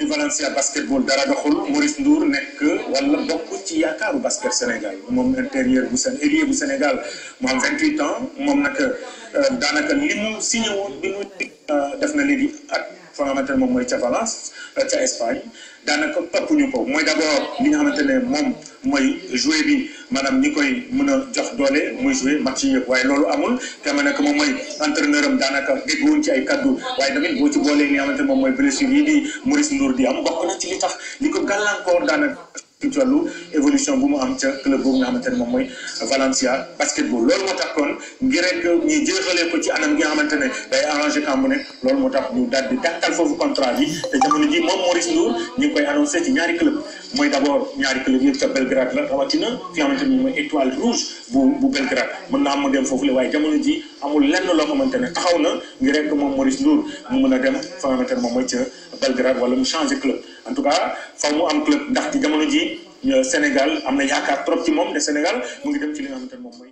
di Valencia basketball dara nga xul Maurice Ndour nek wala bokku ci yaakaaru basket Sénégal mom intérieur bu sen ailier bu Sénégal mo am 28 ans mom nak eh, danaka limu signé won bi mu na Libye ak fa nga xamante ne moom mooy ca Valence euh, ca Espagne daanaka toppuñu ko mooy d' abord li nga xamante ne moom mooy joué bi maanaam ñi koy mën a jox doole muy joué match yi yëpp waaye loolu amul te ma moom mooy entraîneur am daanaka déggoon ci ay kaddu waaye tamit boo ci boolee li nga ne moom mooy blessure yi di Maurice Ndour di am bokk na ci li tax li ko gàllankoor daanaka. ci wàllu évolution bu mu am ca club boobu nga xamante ne moom mooy Valencia basketball loolu moo tax kon ngir rek ñu jéexalee ko ci nga xamante ne day arrangé kambu ne tax ñu daal di dàkkal foofu contrat bi te jamono ji moom Maurice Ndour ngi mooy d'abord ñaari club yëpp ca Belgrade la rawatina fi nga xamante ne mooy étoile foofu la waaye jamono ji amul lenn loo xamante ne taxaw na rek moom Maurice Ndour mu mën a dem fa nga xamante ne mooy ca Belgrade wala mu changer club en tout cas faw mu am club ndax ci jamono ji euh, Sénégal am na yaakaar trop ci moom ne Sénégal mu ngi dem ci li nga xamante ne moom mooy